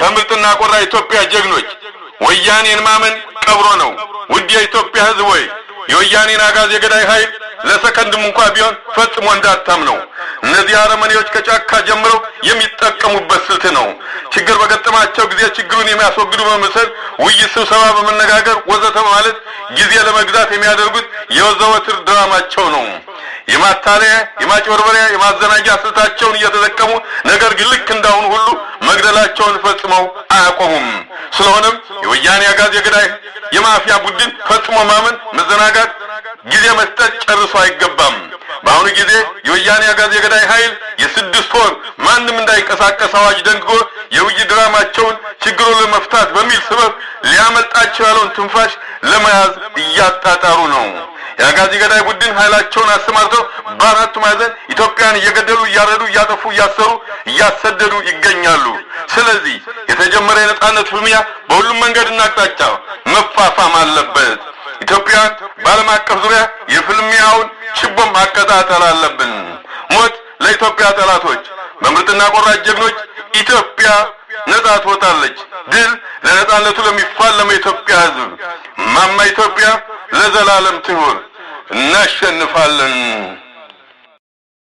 ከምርጥና ቆራ ኢትዮጵያ ጀግኖች ወያኔን ማመን ቀብሮ ነው። ውድ የኢትዮጵያ ሕዝብ ወይ የወያኔን አጋዝ የገዳይ ኃይል ለሰከንድም እንኳ ቢሆን ፈጽሞ እንዳታም ነው። እነዚህ አረመኔዎች ከጫካ ጀምረው የሚጠቀሙበት ስልት ነው። ችግር በገጠማቸው ጊዜ ችግሩን የሚያስወግዱ በምስል ውይይት፣ ስብሰባ በመነጋገር ወዘተ በማለት ጊዜ ለመግዛት የሚያደርጉት የዘወትር ድራማቸው ነው። የማታለያ የማጭበርበሪያ የማዘናጃ ስልታቸውን እየተጠቀሙ ነገር ግን ልክ እንዳሁን ሁሉ መግደላቸውን ፈጽመው አያቆሙም። ስለሆነም የወያኔ አጋዚ የገዳይ የማፊያ ቡድን ፈጽሞ ማመን፣ መዘናጋት፣ ጊዜ መስጠት ጨርሶ አይገባም። በአሁኑ ጊዜ የወያኔ አጋዚ የገዳይ ኃይል የስድስት ወር ማንም እንዳይንቀሳቀስ አዋጅ ደንግጎ የውይይት ድራማቸውን ችግሩን ለመፍታት በሚል ስበብ ሊያመልጣቸው ያለውን ትንፋሽ ለመያዝ እያጣጣሩ ነው። የአጋዚ ገዳይ ቡድን ኃይላቸውን አሰማርተው በአራቱ ማዕዘን ኢትዮጵያን እየገደሉ እያረዱ እያጠፉ እያሰሩ እያሰደዱ ይገኛሉ። ስለዚህ የተጀመረ የነጻነት ፍልሚያ በሁሉም መንገድና አቅጣጫ መፋፋም አለበት። ኢትዮጵያን በዓለም አቀፍ ዙሪያ የፍልሚያውን ችቦም ማቀጣጠል አለብን። ሞት ለኢትዮጵያ ጠላቶች! በምርጥና ቆራጅ ጀግኖች ኢትዮጵያ ነጻ ትወጣለች። ድል ለነጻነቱ ለሚፋለመው የኢትዮጵያ ሕዝብ! ማማ ኢትዮጵያ ለዘላለም ትሁን! እናሸንፋለን።